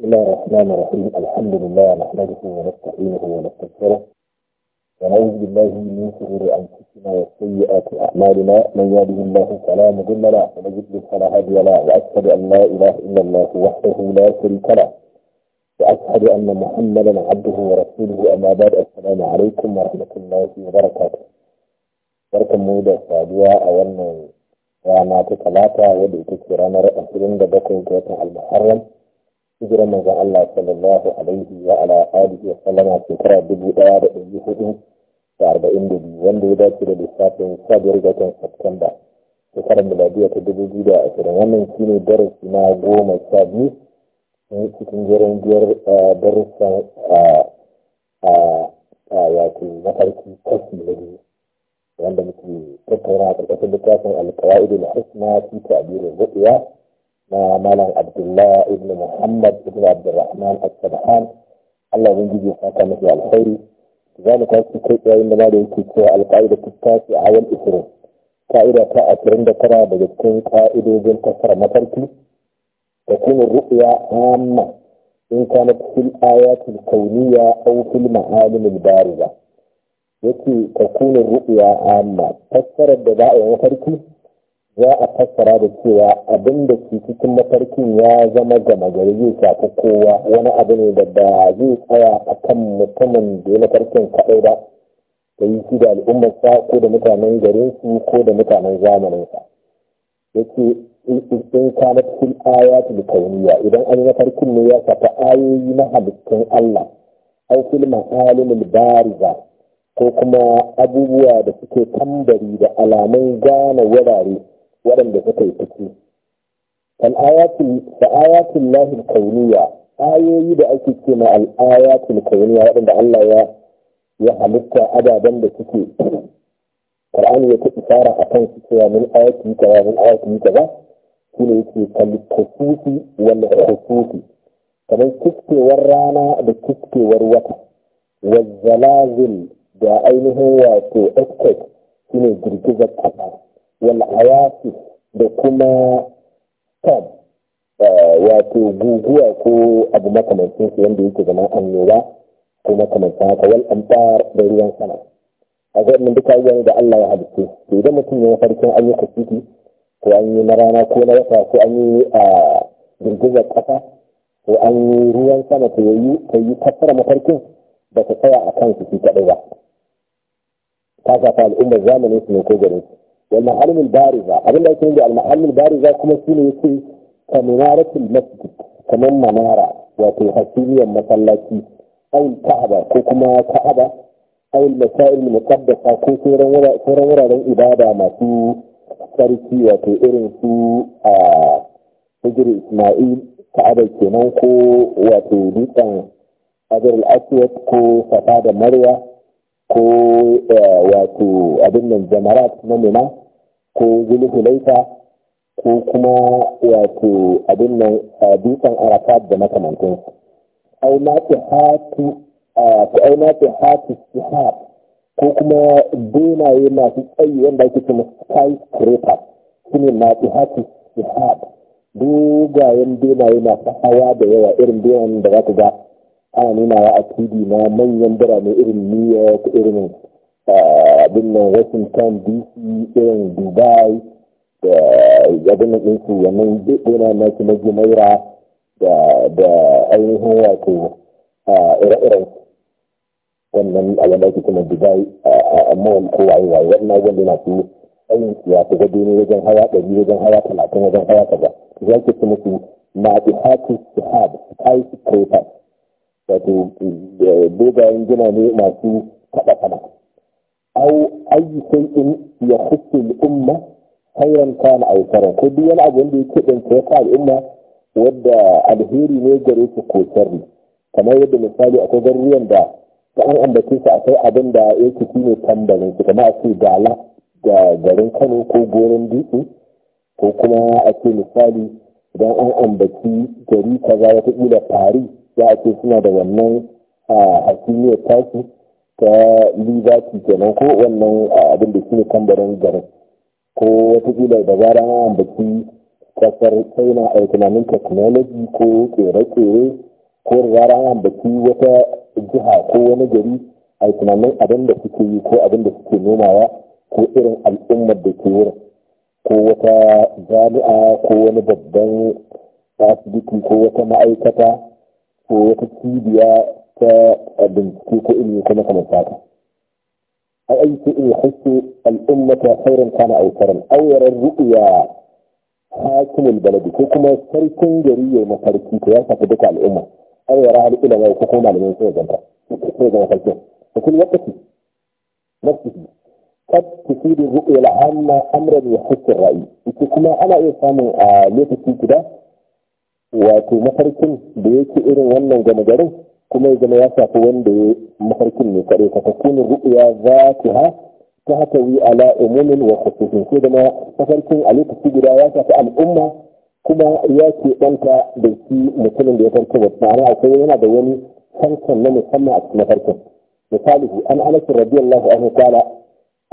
بسم الله الرحمن الرحيم الحمد لله نحمده ونستعينه ونستغفره ونعوذ بالله من شرور انفسنا وسيئات اعمالنا من يهده الله فلا مضل له ومن يضلل فلا هادي له واشهد ان لا اله الا الله وحده لا شريك له واشهد ان محمدا عبده ورسوله اما بعد السلام عليكم ورحمه الله وبركاته barkan mu da saduwa a wannan rana ta talata wadda ita ce ranar 27 ga watan al-muharram hijirar manzon Allah sallallahu alaihi wa ala alihi wa sallama shekara dubu ɗaya da ɗari hudu da arba'in da biyu wanda ya dace da lissafin sha biyar ga watan Satumba shekarar miladiya ta dubu biyu da ashirin wannan shine darasi na goma sha biyu cikin jerin biyar darussan wato mafarki kashi na biyu wanda muke tattauna a ƙarƙashin littafin alƙawa'idul hasna fi ta'abirin ru'ya ما مالا عبد الله ابن محمد ابن عبد الرحمن السبحان الله ينجي حكمة على الخير ذلك السكوت يا إنما ينكت القاعدة التاسعة والعشرون قاعدة تاعت عند ترى بجتين قاعدة بن كسر مطرتي تكون الرؤيا عامة إن كانت في الآيات الكونية أو في المعالم البارزة يكي تكون الرؤيا عامة تكسر الدبائع مطرتي za a fassara da cewa abin da ke cikin mafarkin ya zama gama gari zai shafi kowa wani abu ne da ba zai tsaya a kan mutumin da ya mafarkin kaɗai ba da yi shi da al'ummarsa ko da mutanen garinsu ko da mutanen zamaninsa ya ce in cikin aya ta kauniyya idan an yi mafarkin ne ya shafi ayoyi na halittun Allah an fil ma'alimul bariza ko kuma abubuwa da suke tambari da alamun gane wurare waɗanda suka yi ciki kan ayatul kauniya ayoyi da ake ce na al'ayatul kauniya waɗanda Allah ya ya halitta ababen da suke Qur'ani ya tafi fara a kan su cewa min ayati kaza yi ayati kaza ne yake kal kusufi wal kusufi kamar kiskewar rana da kiskewar wata wa da ainihin wato earthquake ne girgizar kasa wal'ayatu da kuma kan eh, wato guguwa ko abu makamancin su yadda yake zama annoba ko makamancin haka wal amfar da ruwan sama a ga mun duka yayin da Allah ya halitta to idan mutum ya farkin an yi kusuki ko an yi na rana ko na wata ko an yi a dindigar kasa ko an yi ruwan sama to yayi ta yi kafara mafarkin ba ta tsaya a kan su kaɗai ba ta al'ummar zamanin su ne ko garin wal ma'alimul bariza abin da ake yi da al bariza kuma shine yake kaminaratul masjid kamar manara wato hasiliyar masallaci ayin ka'aba ko kuma ka'aba ayin masail muqaddasa ko sauran wuraren ibada masu sarki wato irin su a hijir isma'il ka'aba kenan ko wato dutsen hajar al ko safa da marwa ko eh, wato abin nan jamarat na nuna ko zulhulaita ko kuma wato abin nan eh, dutsen arafat da makamantansu au na hatu eh, a ko kuma benaye masu tsayi wanda ake sky scraper su ne na fi hatu sihab dogayen benaye masu hawa da yawa irin benayen da za ku ga ana wa a tv na manyan birane irin new york irin abin nan washington dc irin dubai da abin nan ɗinsu wannan gona na kuma jimaira da ainihin wato ire-iren wannan alama ke kuma dubai a mall ko waye waye wannan abin da na su tsayin ya ta gado ne wajen hawa ɗari wajen hawa talatin wajen hawa kaza za ke ci musu na ihatu shahab high quotas wato dogayen eh, gina ne masu kaɗa kana au ayi in ya hukun umma hayan kana aw ko duk wani abu wanda ya dan ya ka al'umma wadda alheri ne gare su ko sharri kamar yadda misali akwai garuruwan da ta an ambace su akwai abin da fi ne tambalin su kamar a ce gala ga garin Kano ko goron dutse ko kuma a ce misali idan an ambaci gari kaza ta ila Paris za a ce suna da wannan a kimiyyar tashi ta liberty kenan ko wannan abin da shine kambarin garin ko wata watakila da gara na ambaci kasar china a economic technology ko kere-kere ko da zara na ambaci wata jiha ko wani gari a abin da suke yi ko abin da suke nomawa ko irin al'ummar da ke wurin ko wata jami'a ko wani babban asibiti ko wata ma'aikata ko wata cibiya ta bincike ko ilimi ko makamanta haka an aiki in hasu al'ummata khairan kana autaran auyarar ru'uya hakimul baladi ko kuma sarkin gari ya mafarki ko ya shafi duka al'umma auyara hal ilama ko kuma malamin sai ganta sai ga mafarkin ko kun wakati nafsihi قد تفيد الرؤية العامة أمرا يحس الرأي. يكون أنا إيه فاهم ليه تفيد كده؟ wato mafarkin da yake irin wannan gama garin kuma ya zama ya shafi wanda ya mafarkin ne kare ka takunin ru'uya za ki ha ta haka wi ala umumin wa khususin sai zama mafarkin a lokaci guda ya shafi al'umma kuma ya ke ɗanta da shi mutumin da ya farko ba a akwai yana da wani sankan na musamman a cikin mafarkin misali an anas radiyallahu anhu qala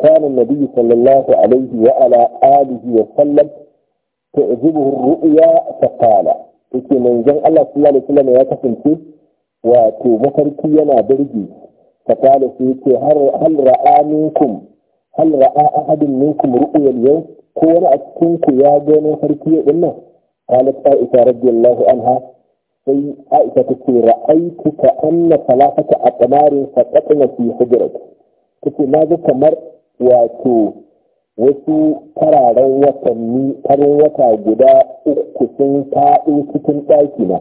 kana an-nabi sallallahu alaihi wa ala alihi تعجبه الرؤيا فقال yake manzon Allah sallallahu alaihi wasallam ya kasance wato mafarki yana birge fatala sai yake har hal ra'a minkum hal ra'a ahadun minkum ru'yal yau ko wani a cikin ku ya gano farki ya dinnan qalat aisha radiyallahu anha sai aisha ta ce ra'aitu ka anna salafata aqmarin faqatna fi hujrat kace na ga kamar wato wasu fararen watanni farin wata guda uku sun faɗo cikin ɗaki na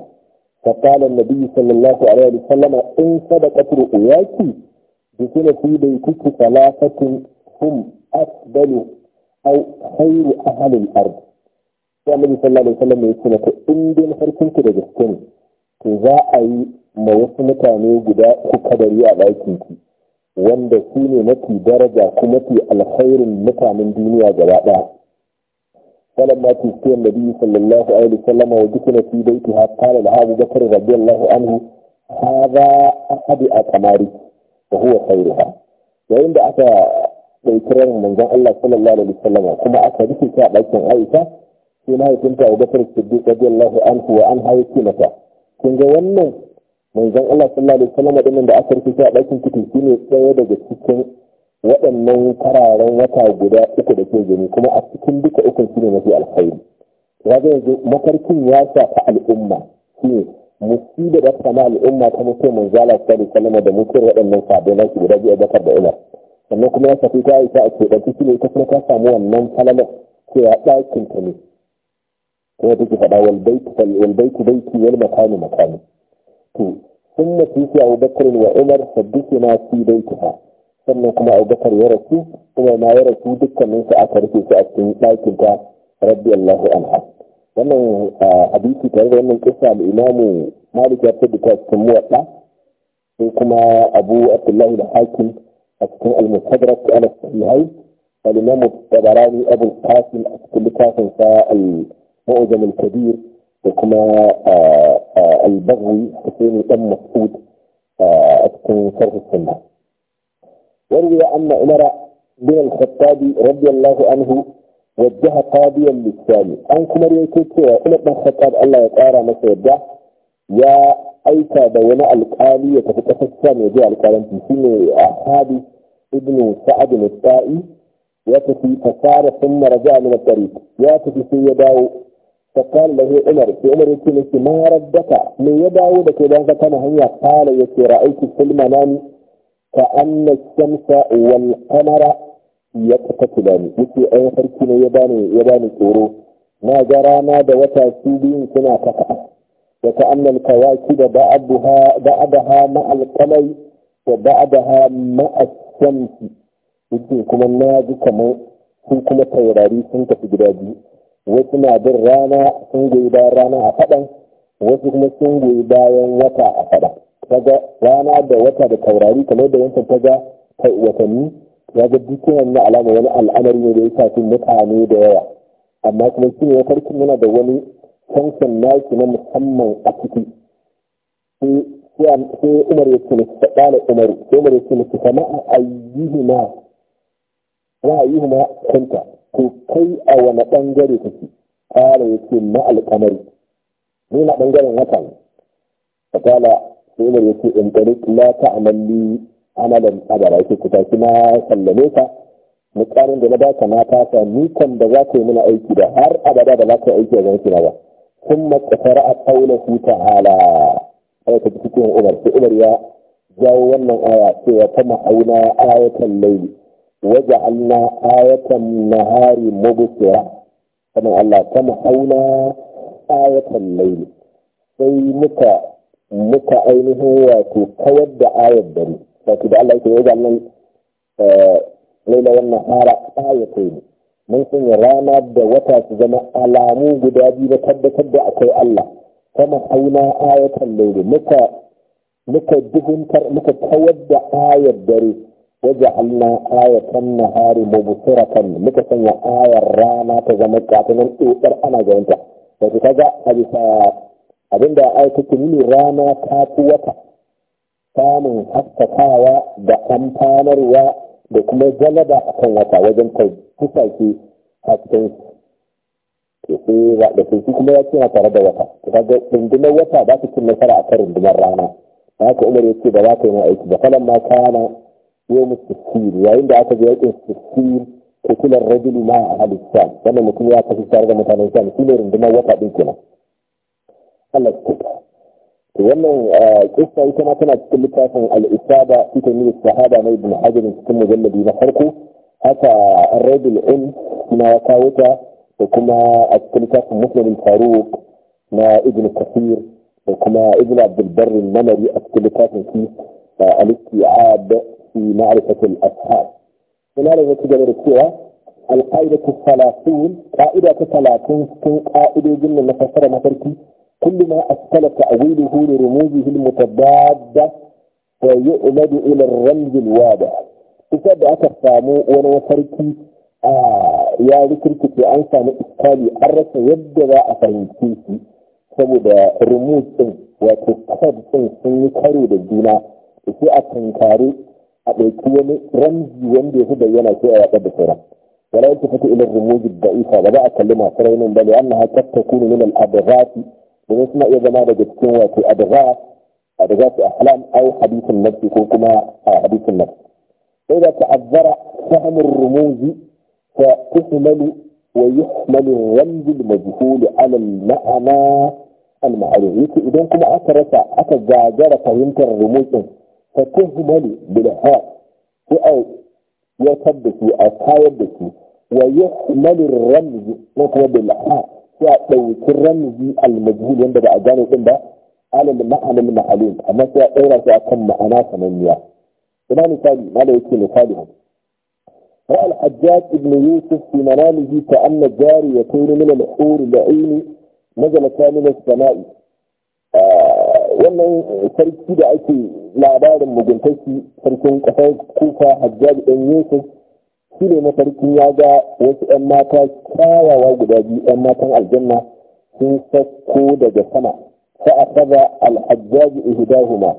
fakalan nabi sallallahu alaihi wa sallama, in sadaqatu ru'yaki dukuna fi baitiki salatatun hum afdalu aw khairu ahli al-ard ya nabi sallallahu alaihi wa sallam ya ce ko in dai farkin ki da gaske ne to za a yi ma wasu mutane guda uku kadari a ɗakin ku. wanda su ne mafi daraja kuma mafi alkhairin mutanen duniya gaba ɗaya فلما توفي wa صلى wa عليه وسلم ودفن في بيتها قال لأبو بكر رضي الله عنه هذا أحد أقماري وهو خيرها yayin da aka ɗauki kiran manzon Allah sallallahu alaihi sallam, kuma aka rufe ta bakin Aisha sai mahaifinta Abu Bakar Siddiq radiyallahu anhu wa an haye mata kin ga wannan manzon Allah sallallahu alaihi wasallam din da aka rufe a ɗakin kutu, shine tsaye daga cikin waɗannan kararen wata guda uku da ke gani kuma a cikin duka ukun shine mafi alkhairi kaga yanzu mafarkin ya shafi al'umma shine musibar da ta al'umma ta mutum manzo Allah sallallahu alaihi wasallam da mutum waɗannan sabbin su guda biyu a bakar da ina sannan kuma ya shafi ta Aisha a ce ɗaki kike ne ta kuma ta samu wannan falalar cewa ɗakin ta ne kuma take faɗa wal bait wal bait baiti wal makanu ثم تيسي أبو بكر وعمر حدثنا في بيتها ثم كما أبو بكر يرسو ثم ما يرسو دكا من ساعة في ساعة لكن ربي الله عنها وما آه، حديثي كذلك أن القصة الإمام مالك يرسدك أستموه أطلع وكما أبو عبد الله الحاكم أستم المستدرك في السعيهي فالإمام الطبراني أبو القاسم أستم القاسم فالمؤذن الكبير وكما آه، البغوي حسين مقصود مسعود آه، تكون شرح السنة وروي أن عمر بن الخطاب رضي الله عنه وجه قاضيا للثاني أن كما رويته عمر بن الخطاب الله يقارى ما سيبدأ يا أيكا بونا القالي يتفتح الثاني يجي القالي في سنة أحادي ابن سعد الطائي يتفي فصار ثم رجع من الطريق في سيداو فقال له عمر في عمر يقول ما ردك من يدعو لك إذا كان هيا قال يكي رأيت في المنام كأن الشمس والقمر يقتتلان يكي أي فركين يباني يباني سورو ما جرى ما دوتا سيدين كنا تقع وكأن الكواكب بعضها بعضها مع القمر وبعضها مع الشمس يكي كما ناجي كما كما تيراري سنك في جرادي wasu na bin rana sun goyi bayan rana a faɗan wasu kuma sun goyi bayan wata a faɗan kaga rana da wata da taurari kamar da wancan ta ga watanni ya ga duk na alama wani al'amari ne da ya shafi mutane da yawa amma kuma shi ne farkin yana da wani sansan naki na musamman a ciki sai umar ya ce musu ta ƙala umar sai umar ya ce musu kama a ayyuhu ma wa ma kunta ko kai a wani ɓangare kake ƙara ya ce na alƙamari ni na ɓangaren haka ne fatala sai ya ce in ɗari la ta amalli amalan tsabara yake ku tafi na sallame ka mukarin da na baka na kasa ni kan da za ka yi mana aiki da har abada da za ka yi aiki a zan na ba sun matsakara a ƙaunahu ta'ala aya ta cikin umar sai umar ya jawo wannan aya cewa ta ma'auna ayatan laili وجعلنا آية النهار مبصرة كما الله كما أولى آية الليل sai muka muka ainihin wato kawar da ayar dare wato da Allah yake yi nan laila wannan hara ayatai ne mun sanya rana da wata su zama alamu guda biyu na tabbatar da akwai Allah kama auna ayatan laili muka muka duhuntar muka kawar da ayar dare وجعلنا آية النهار مبصرة مكسن آية الرانا تزمكات من أوتر أنا جونتا فتكذا أجسا أبدا آية تكمل رانا تاكوة samun haskakawa da amfanarwa da kuma galaba a kan wata wajen kai fusake hasken su da su kuma ya ce tare da wata kaga rundunar wata ba ta cin nasara a kan rundunar rana haka umar ya ce ba za ka yi aiki da falan ma kana يوم السكين وعند يعني عتب يوم السكين وكل الرجل ما على الإسلام لما مكون يعتب السارة مثلا الإسلام كل يوم دماء وقع بيكنا الله سكتا وانا آه، قصة ايكما كنا كل تاسا الإسابة في تنمية الصحابة ما يبن من ان تتم جلد ينحركو حتى الرجل ان كنا وكاوتا وكما كل تاسا مسلم الفاروق ما ابن كثير وكما ابن عبد البر المنري اكتلتات في آه، الاستيعاب في معرفة الأسهاب هنا لم يتجد الكوة القاعدة الثلاثون قاعدة ثلاثون تكون قاعدة جنة مفسرة مفركي كل ما أسهل تأويله لرموزه المتضادة ويؤمد إلى الرمز الواضح kusa da aka samu wani mafarki a ya rikirkice an samu iskali an rasa yadda za a fahimce saboda remote din wato card din sun yi karo da juna su a tankari أبيكو وني رمزي وندي هو بيانا كي أعطى ولا يتفق إلى الرموز الضعيفة ولا أكلمها سرعين بل أنها قد تكون من الأبغات من اسمع ما جماعة تكون في أبغات أبغات أحلام أو حديث النفس يكون كما حديث النفس فإذا تعذر فهم الرموز فتحمل ويحمل الرمز المجهول على المعنى المعروف اذا كما اثرت أتجاجر فهمت الرموز ta tuhmalu bilha ko a yatar da su a kayar da su wa yuhmalu ramzi na kuma bilha sai a ɗauki ramzi almajhul wanda ba a gane din ba alal ma'anin ma'alum amma sai a ɗaura su akan ma'ana sananniya ina misali ma da yake misali haka رأى الحجاج بن يوسف في منامه كأن الجار يكون من الحور العين نزل من السماء آه wannan sarki da ake labarin muguntarki sarkin kasar kufa hajjaji ɗan yusuf shi ne mafarkin ya ga wasu 'yan mata kyawawa guda biyu 'yan matan aljanna sun sako daga sama فأخذ الحجاج إهداهما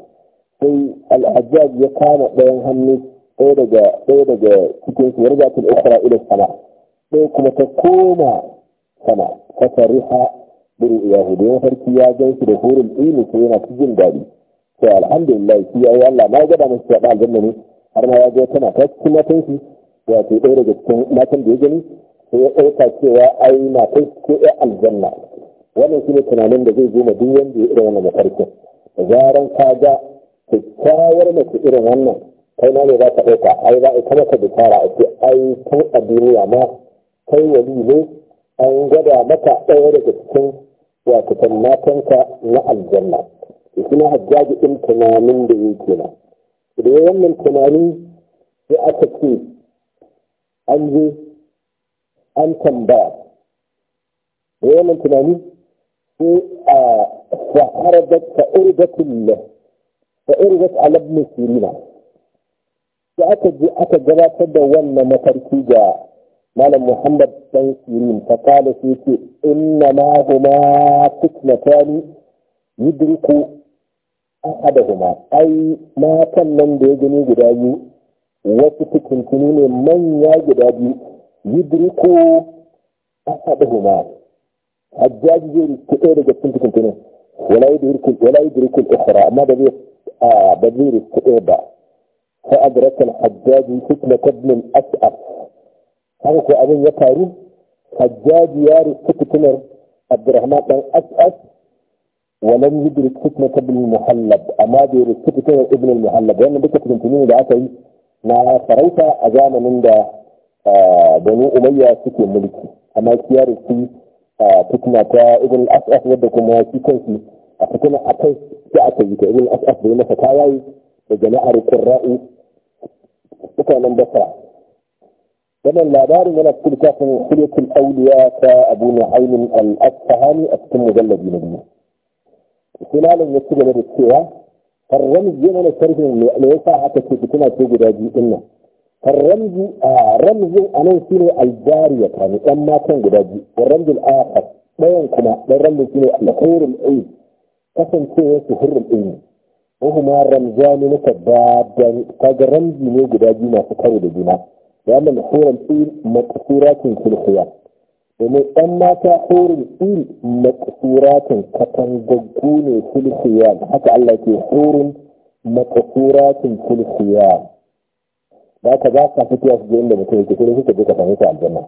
sai alhajjabi ya kama ɗayan hannu ɗaya daga ɗaya daga cikin su yarda ta ukra ila sama ɗaya kuma ta koma sama ta fariha buru iyahu don farki ya gan da hurin ɗini sai yana jin daɗi sai alhamdulillah shi ya yi Allah na gada masu shaɓa aljanna ne har ma ya ga tana ta cikin matan shi wato ɗaya daga cikin matan da ya gani sai ya ɗauka cewa ai matan ko ya aljanna wannan shi ne tunanin da zai goma duk wanda ya irin wannan mafarkin da zaran ka ga kyakkyawar mace irin wannan kai na ne za ka ɗauka ai za a kama ka bishara a ce ai kan a duniya ma kai wali ne an gwada maka ɗaya daga cikin wato matanka na aljanna da kuma hajjaji ɗin tunanin da yake na da wannan tunani sai aka ce an je an tambaya da wannan tunani ko a faharabat fa'irgatul fa'irgat alab musirina sai aka je aka gabatar da wannan mafarki ga malam muhammad dan sirin ta kala sai ce inna ma huma tani yudriku huma. ai matan nan da ya gani guda biyu wasu fitintunu ne manya guda biyu yudriku huma. hajjaji zai riske ɗaya daga cikin fitintunun wala yudriku wala yi al-ukhra amma da zai ba zai riske ɗaya ba fa adrakal al-hajjaji fitnatan min as'af haka ko abin ya faru hajjaji ya rufe fitinar abdurrahman dan as'as walam yudrik fitna ibn muhallab amma bai rufe fitinar ibn muhallab wannan duka fitintuni da aka yi na farauta a zamanin da bani umayya suke mulki amma shi ya rufe fitna ta ibn as'as wadda kuma shi kansu a fitinar akai da aka yi ta ibn as'as da ya masa kayayi da jama'ar qurra'u mutanen basra ومن لا بار من كل كاف من حلية الأولياء كأبو نعيم الأسفهاني أكتم مجلد نبيه خلال المسجد من السيوة فالرمز يوم الشريف ليس حتى تكون أتوق راجي إنا فالرمز آه، رمز أنا أسير الجارية يعني أما كان راجي والرمز الآخر لا ينكما للرمز في الحور العين قسم سيوة حر العين وهما رمزان متبادان فالرمز يوم الشريف ليس حتى تكون أتوق لأن الحور الفيل مقصورات في domin ɗan mata horin il maƙasuratin katangaggu ne filfiyan haka Allah ke horin maƙasuratin filfiyan da ka za ka fitowa su je inda mutum yake kuma suka je ka sami su aljanna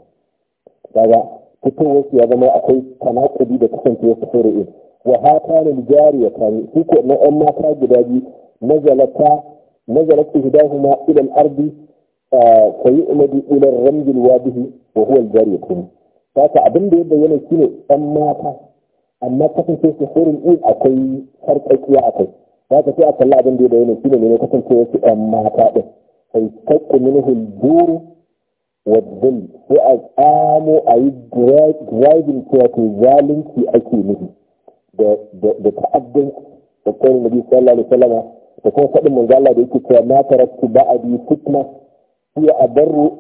daga fitowar su ya zama akwai tanakubi da kasancewar su horin in. wa hata ne jari ya kani su ko na ɗan mata guda biyu nazalata nazalata hidahuma ilal ardi ko yi umadi ilar ramjil wadihi wa huwa aljari kun ta ka abin da yadda yana shine dan mata amma kasance su hurun in akwai sarkakiya akwai ta ka sai a kalla abin da yadda yana shine ne kasance su dan mata din sai kakku minhu alburu a dhul a yi ay driving zalunci the zalimi ake nihi da da ta'addun da kai nabi sallallahu alaihi wasallam da kuma faɗin manzo da yake cewa na karatu ba'adi fitna huwa adarru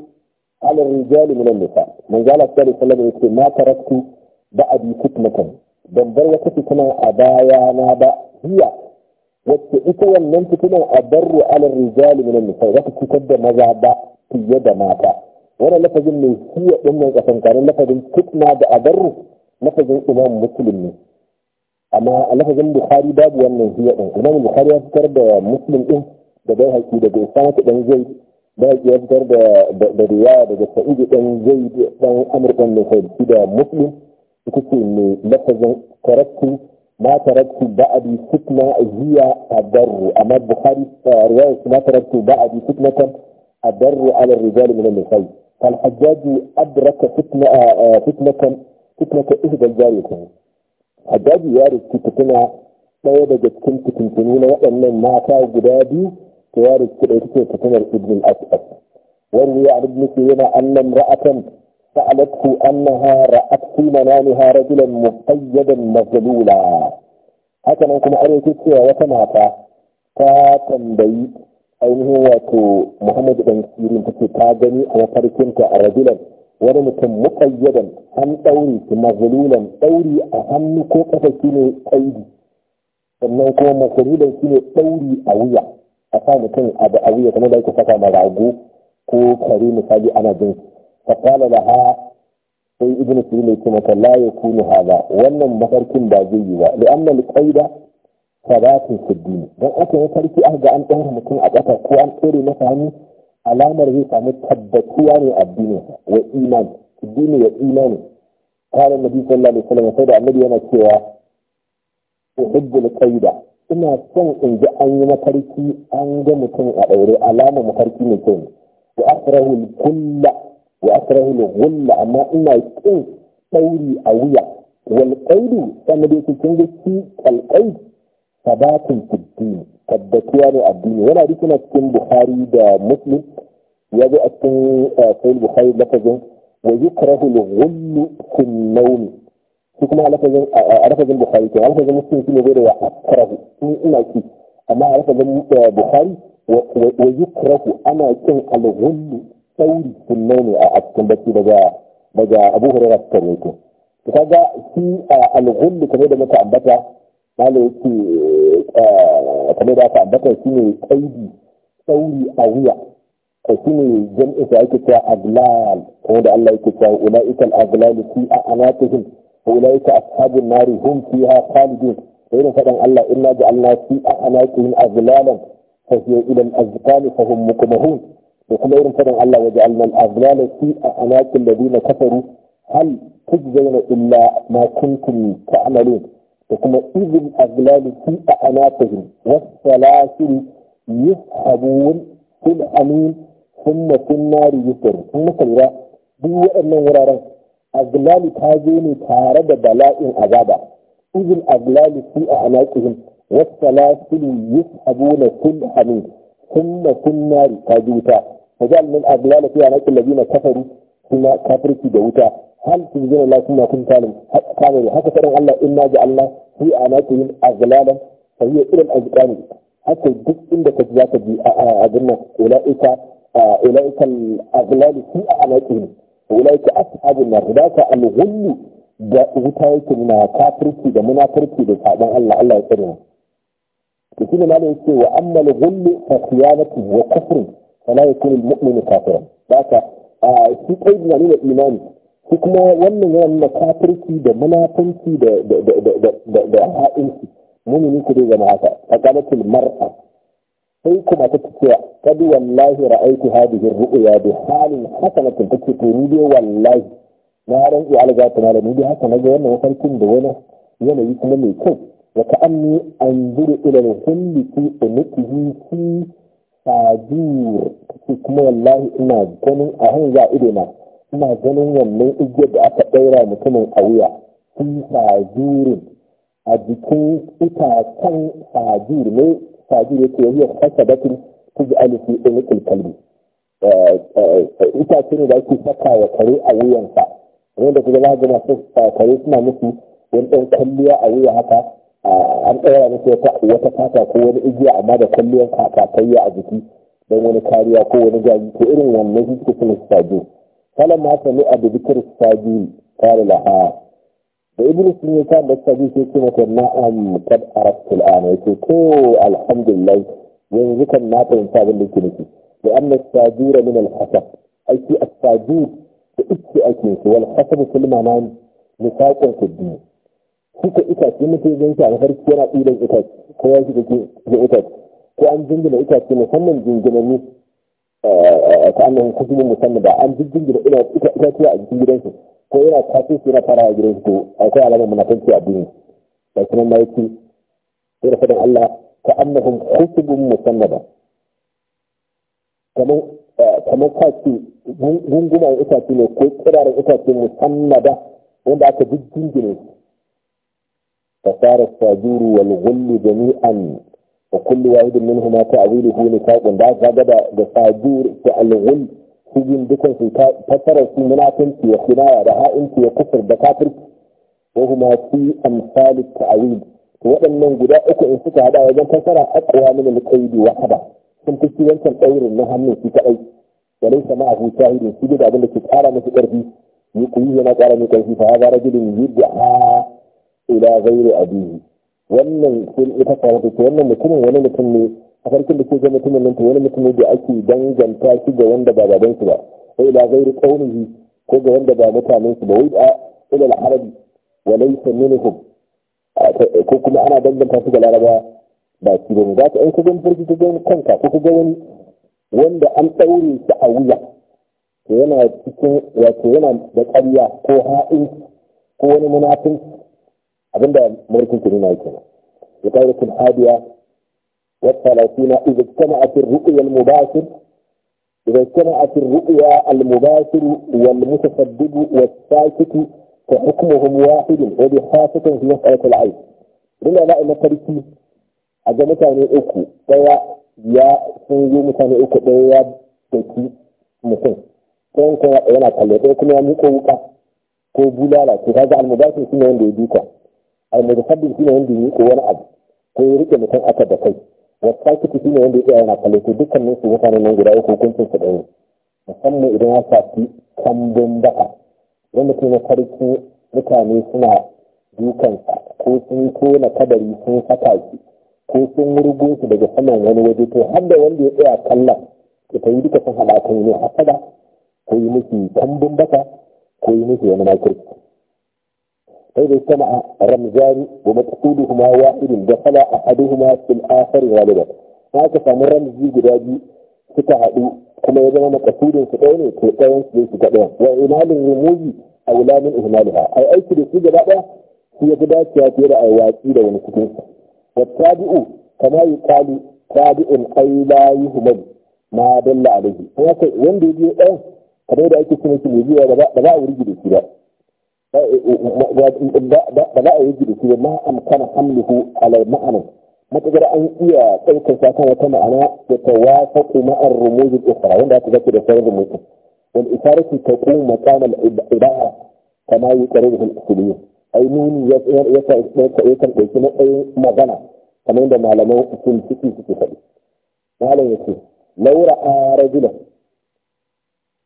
ala rijali min an-nisa man zala sallallahu alaihi wasallam ma taraktu ban bar wata fitina a baya na ba hiya wacce ita wannan fitinan Abarru ala rijali min an-nisa za ta cutar da maza ba fiye da mata wannan lafazin mai hiya din nan kasankarin lafazin fitna da adarru lafazin imam muslim ne amma a lafazin bukhari babu wannan hiya din imam bukhari ya fitar da muslim ɗin da bai haƙi da isa ta dan zai baki ya fitar da riya daga sa'idu ɗan zai ɗan amurkan da sauki da muslim ita ce mai lafazin karattu ma taraktu ba'adi fitna hiya adarru amma bukhari riwaya ma taraktu ba'adi fitnatan adarru ala rijali min an-nisa'i fal hajjaj adraka fitna fitnatan fitnata ihda al-jariyatayn hajjaj ya rikitina ɗaya daga cikin fitintunu na waɗannan mata guda biyu كوارث كريتو كتمر ابن الأسأس وروي عن ابن سينا أن امرأة سألته أنها رأت في منامها رجلا مقيدا مغلولا أكن أنكم أريد السيا وتماتا فاتن بي أنه وكو محمد بن سيرين تتاجني على فرسنك رجلا ورمك مقيدا أن توري مغلولا توري أهم كوكة سيني أيدي فمن كوما سيني توري أويا a sa mutum abu a ya kamar da ku saka ma rago ko kare misali ana jin fa qala laha sai ibnu sirin ya ce mata la yakunu hada wannan mafarkin ba zai yi ba li anna al qaida siddini dan aka yi sarki ga an ɗaura mutum a ƙasa ko an tsere masa hannu alamar zai samu tabbatuwa ne addini wa iman addini ya imani قال النبي صلى الله عليه وسلم سيد النبي أنا كوا أحب القيدة ina son in ji an yi mafarki an ga mutum a ɗaure alama mafarki mai kyau wa asrahul kulla wa asrahul gulla amma ina kin ɗauri a wuya wal qaidu sanna da yake kin ga shi qalqai sabatun fiddin tabbatuwa ne addini yana duk na cikin bukhari da muslim ya zo a cikin eh, sahih bukhari lafazin wa yukrahu al-ghullu fi an-nawm ko kuma a lafazin bukhari ke a lafazin muslim shi ne bai da akrahu ni ina ki amma a eh, bukhari wa yukrahu ana kin alghullu sauri sunne ne a cikin bacci daga daga abu hurairah ta rawaito to kaga shi alghullu kamar da muka ambata malo yake eh, kamar da aka ambata shi ne kaidi sauri a wuya shi ne jam'in da ake cewa aglal kuma da Allah yake cewa ula'ikal aglal fi a anatihim أولئك أصحاب النار هم فيها خالدون فإن فدن الله إنا جعلنا في أعناقهم أغلالا فهي إلى الأذقان فهم مقمهون وكما إن فدن الله وجعلنا الأغلال في أعناق الذين كفروا هل تجزون إلا ما كنتم تعملون وكما إذ الأغلال في أعناقهم والسلاسل يسحبون في الأمين ثم في النار يسرون ثم كبيرا بيوأنا وراء aglalu ta zo ne tare da bala'in azaba izin aglalu su a alaƙihim والسلاسل يسحبون كل حميد ثم في النار كاجوتا فجعل من أغلال في عناك الذين كفروا ثم كفروا في دوتا هل تجزون الله كما كنت كامل حتى فرن الله إنا جعلنا في عناكهم أغلالا فهي إلى الأذقان حتى يدك عندك تجزاك بأغنى أولئك أولئك الأغلال في عناكهم ulaika ashabun na daka al-ghullu da wuta yake na kafirci da munafirci da sabon Allah Allah ya tsare mu to shi ne ma ne ce wa amma al-ghullu fa khiyabatu wa kufrun fala yakunu al-mu'minu kafiran daka shi kai na nuna imani shi kuma wannan yana nuna da munafinci da da da da da da da da da da da da da sai kuma ta ce kadu wallahi ra'aitu hadhihi ru'ya bi halin hasanatin take to ni dai wallahi na alga ta na ni dai haka na ga wannan mafarkin da wani yanayi kuma mai kyau wa ka anni anzuru ila al-hulli fi umtihi fi sajur kuma wallahi ina ganin a hanga ido na ina ganin wannan igiyar da aka daura mutumin a wuya fi sadurin. a jikin itacen sadur ne tajir yake batun kuji alifi fi unuqil kalbi itace ne da ake saka wa kare a wuyansa wanda kuma za masu kare suna musu wani ɗan kwalliya a wuya haka an ɗaya musu wata fata ko wani igiya amma da kwalliyar kakakayya a jiki don wani kariya ko wani gaji ko irin wannan shi suke suna stajo falan ma sami a da zikir stajo kare la'a إبليس من كان بسجيس يكون كما أم قد أردت الآن الحمد لله ينذك الناس إنسان بالكنسي لأن الساجور من الحسب أي في الساجور إبس أكنس والحسب كل ما نام نساق الدين فك إكاس لما تجدين شعر خارج كنا إلى إكاس كواسك في إكاس كأن جنجل إكاس مصمم جنجلني كأنهم كتبوا مصمم بعد أن جنجل إلى إكاس ko yana kafin su na fara a gidan su akwai alamar munafanci a duniya da kuma ma yake sai da faɗin Allah ka annahum khutubun musannada kamar eh, kamar kwace gunguma itace ne ko tsirarin itace musannada wanda aka jingine su فصار الصاجور والغل جميعا وكل واحد منهما تأويله نفاق ذاك هذا الصاجور الغل su biyun dukan su tattara su munafinci ya kinaya da ha'inci ya kufur da kafirci wa huma fi amsali ta'awil waɗannan guda uku in suka hada wajen fassara aqwa min al-qaid wa hada sun fi wancan daurin na hannun shi kadai walai sama abu shahidin shi da abin da ke kara musu karfi ni kuyi yana kara mai karfi fa hada rajulun yud'a ila ghairi abihi wannan sun ita ta wannan mutumin wani mutum ne a farkon da ke ga mutumin nan to wani mutum ne da ake danganta shi ga wanda ba baban su ba ko ila gairi qaumihi ko ga wanda ba mutanen su ba wai da ila al-arabi wa laysa minhum ko kuma ana danganta su ga laraba ba shi ba za ka in ka gan farki kanka ko ka ga wani wanda an daure shi a wuya to yana cikin wato yana da ƙarya ko ha'in ko wani munafin abinda mulkin na yake ne ya kawo kun hadiya والثلاثين إذا اجتمعت الرؤيا المباشر إذا اجتمعت الرؤيا المباشر والمتسبب والساكت فحكمهم واحد وبخاصة في مسألة العين لما لا إلا تركي أجا مثلا أكو ديا يا سنجي مثلا أكو ديا تكي mutum ko كون أنا kalle ko kuma ya miƙo wuka ko bulala ko kaga almubashir shine wanda ya duka almutasabbib shine wanda ya miƙo wani abu ko ya rike wasakitu shi ne wanda ya tsaya yana kalle to dukkanin su mutanen nan guda uku hukuncin su ɗaya musamman idan ya shafi kambun baka idan mutum na farko mutane suna dukansa ko sun kona kadari sun saka shi ko sun murgun su daga saman wani waje to har da wanda ya tsaya kallon ki ta yi duka sun haɗa kan yi a ko yi miki kambun baka ko yi miki wani makirki. فإذا اجتمع رمزان ومقصودهما واحد دخل أحدهما في الآخر غالبا هكذا فمن رمزي قدادي ستهدو كما يجمع مقصود ستين ستين ستين وإمال الرموز أولى من إهمالها أي أي كده سيجة بقى هي قداد كاتيرة أي واتيرة ونكتين والتابع كما يقال تابع أي لا يهمل ما دل عليه هناك وين بيجي أه كما يجي أي كده سيجة بقى بقى ورجي بقى ba za a yi gidi ba ma amkana hamluhu ala ma'anin matagar an iya ɗaukar sakan wata ma'ana da ta wasa kuma an rumuzin ukra wanda aka zaki da sauran rumuzin wal ta taqumu maqam al ibara kama tsare da usuliyya ai nuni ya ya ya kan dauki na tsayin magana kamar da malaman sun ciki suke faɗi malam yace laura a rajulan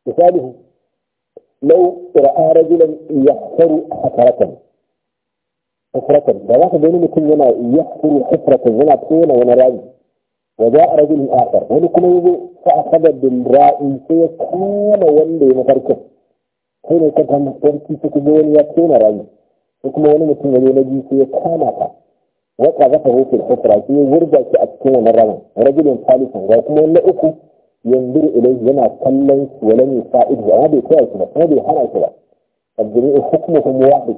misalihu lau ra'a rajulan yahfaru hakaratan hufratan da za ka gani mutum yana yahfaru hufratan yana tona wani rami wa ja'a rajulun akhar wani kuma yazo fa akhadha bil ra'i sai ya kama wanda ya mafarkin sai ne ka kama sarki sai kuma wani ya tona rami sai kuma wani mutum ya zo na biyu sai ya kama ka wa qazafa hu fil hufra sai ya wurga shi a cikin wani ramin rajulun salisun ga kuma na uku yanzu ilai yana kallon shi ne fa'id amma bai koya shi ba kuma bai hana shi ba abdurri hukmuhum wahid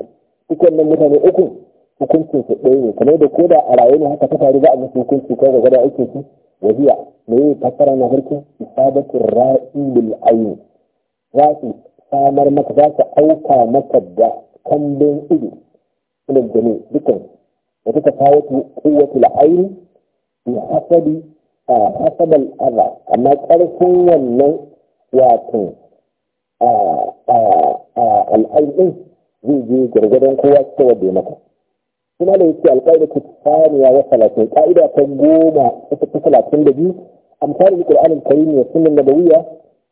duk wannan mutane uku hukuncin su ɗaya ne kamar da koda a rayu ne haka ta faru za a musu hukunci kai ga gwada aikin su wajiya me yi fassara na farko isabatu za su samar maka za su auka maka da ido ina gane dukkan da hasabal adha amma ƙarfin wannan wato al'aibin zai je gargadon kowa ta wadda maka kuma da yake alƙaida ta tsaniya wa talatin ƙa'ida ta goma ta talatin da biyu amsalin ƙur'anin karim ya sunan nabawiya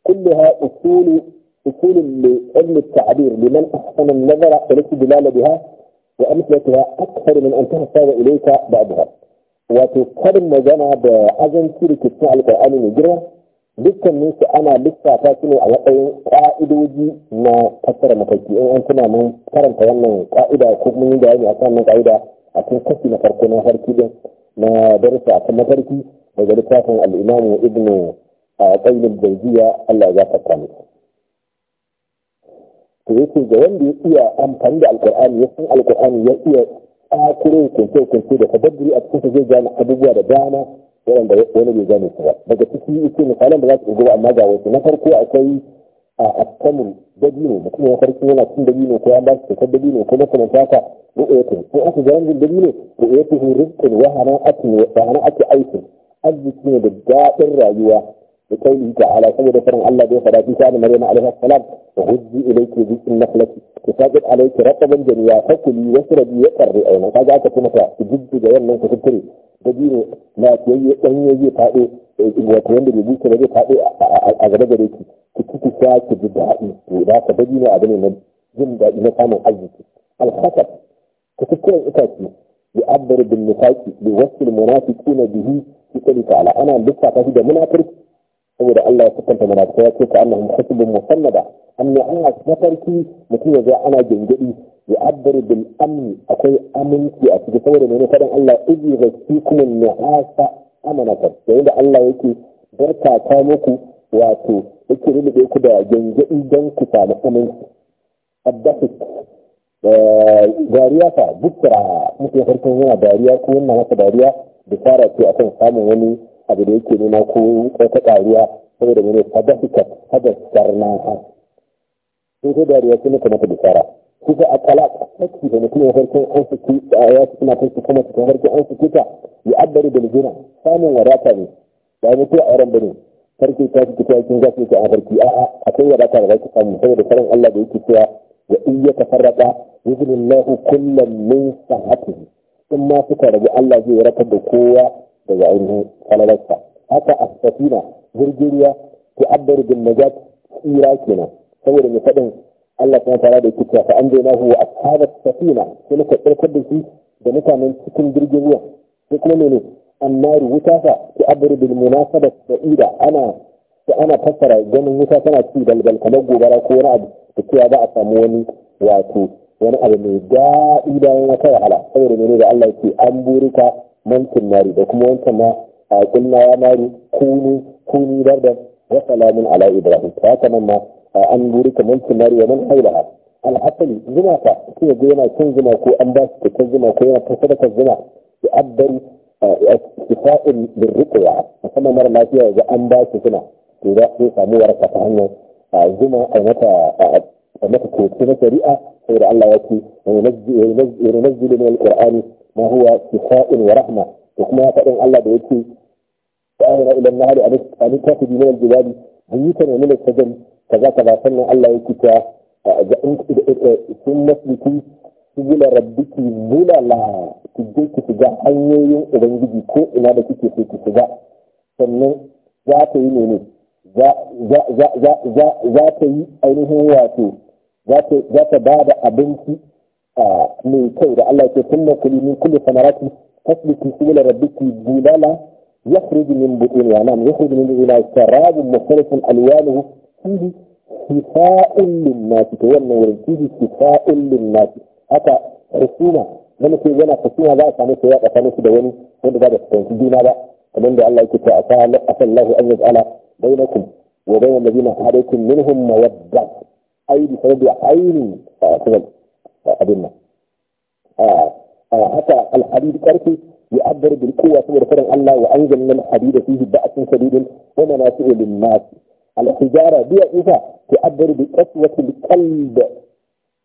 كلها أصول أصول لعلم التعبير لمن أحسن النظر التي دلال بها وأمثلتها أكثر من أن تهتاج إليك بعضها wato karin magana da azanci rikicin alkur'ani mai girma dukkanin su ana lissafa su ne a matsayin ƙa'idoji na fassara mafarki in an tuna mun karanta wannan ƙa'ida ko mun yi bayani a kan ƙa'ida a cikin kashi na farko na farki din na darasa a kan mafarki daga littafin al'imamu ibnu a ah, ƙaunin jauziya Allah ya zafarta musu. To yake ga wanda ya iya amfani da alkur'ani ya san alƙur'ani ya iya tsakuro hukunce-hukunce da tadabburi a cikin zai gane abubuwa da dama waɗanda wani bai gane su ba daga ciki yake misalan da za su ɗigo ba amma ga wasu na farko akwai a askamun dabino mutum ya farko yana cin dabino ko ya ba su cutar dabino ko makamanta taka ru'ayatun ko aka ga yanzu dabino ru'ayatun rizqin wa hanan ake aikin arziki ne da daɗin rayuwa لقوله تعالى سيد فرع الله بيه فلا تنسى أن مريم عليه السلام وغزي إليك بذيء النخلة تساقط عليك رطبا جنيا فكلي واشربي وقري أيضا فجاء تكون تجد جايا من كتبتري تجيني ما تيجي تهيجي فاقي وتوند بيبوك بيجي فاقي أغرب عليك تكتب ساك تجد هائي وإذا تبديني أبني من جمدة إلى كامل عزك الخطب كتبتري إتاكي يعبر بالنفاق بوصف المنافقين به يقول تعالى أنا لسه تجد منافق saboda Allah ya kusanta munafika ya ce ka annahum khutbun musannada amma ana mafarki mutum ya ga ana gangadi. ya abbar bil amni akwai aminci a cikin saboda mai faɗin Allah kuma ghasikum nu'asa amanatan yayin da Allah yake barka ta muku wato yake rubube ku da gengedi don ku samu aminci addafi eh, dariya fa bukra mutum ya farko yana dariya ko yana masa dariya da fara ce akan samun wani abu da yake nema ko wata ƙariya saboda mene fadahika fadaskarnaha sun ko dariya sun muka mata Su kuka a talaka saki da mutum ya farkon an suke ya suna farko kuma su kan farkon an suke ta ya addari da lijina samun wadata ne Da ya mutu a auren bane Sarki ta suke ta yakin zafi ta a farki a'a akwai wadata da za ki samu saboda farin Allah da yake cewa wa in ya tafarraqa yuzillahu kullam min sa'atihi in ma suka rabu Allah zai rakar da kowa daga ainihin falalarsa haka a safina jirgin ruwa ta abbar bin najat tsira kenan saboda mai faɗin Allah ta fara da yake fa an zaina huwa ashabat safina sai muka tsarkar da shi da mutanen cikin jirgin ruwa sai kuma ne, annaru wuta fa ta abbar bin munasabat sa'ida ana da ana fassara ganin wuta tana ci balbal kamar gobara ko wani abu da cewa za a samu wani wato wani abu mai daɗi bayan wata wahala saboda mene da Allah ce an burika ممكن ناري ده كما أنت ما قلنا يا ناري كوني كوني بردا وسلام على إبراهيم فاتما ما أنبورك ممكن ناري ومن حولها الحصلي زنا فا كي يجينا كن زنا كو أنباس كن زنا كو أنا تصدق الزنا يعبر استفاء للرقية فما مر ما فيها إذا أنباس زنا إذا في سامو ورقة زنا أنت أنت كوتي نسريئة غير الله يكي ينزل من القرآن ma huwa shifa'un wa rahma da kuma faɗin Allah da yake ta'ala ila nahari an tafi min al-jibali ayyukan min ta za kaza kaza sannan Allah yake ta sun masliki sibila rabbiki bulala ki je ki shiga hanyoyin ubangiji ko ina da kike so ki shiga sannan za ta yi ne za ta yi ainihin wato za ta ba da abinci mai kyau da Allah ke kunna kuli min kulli samarati tasbiku ila rabbiki bulala يخرج من بطونها نعم يخرج من بطونها سراب مختلف ألوانه فيه شفاء للناس تولى ورجيه شفاء للناس haka husuma wani ke yana husuma za a samu sai ya da wani wanda ba da fahimci juna ba kamar da Allah yake ta akan lahu an yaj'ala bainakum wa bainal ladina hadaykum minhum mawadda ay bi sababi a abin آه، آه، حتى الحديد alhadid karfi يعبر بالقوة ورفرع الله من الحديد فيه بأس شديد ومنافع للناس الحجارة إذا تعبر بقسوة القلب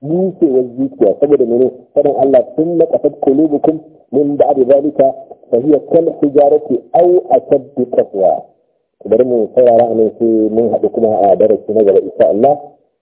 موسى والزيكيا سبب منه فرع الله ثم قصد قلوبكم من بعد ذلك فهي كالحجارة أو أشد قسوة برمو سيارة من في منها بكمها آدارة سنجل إساء الله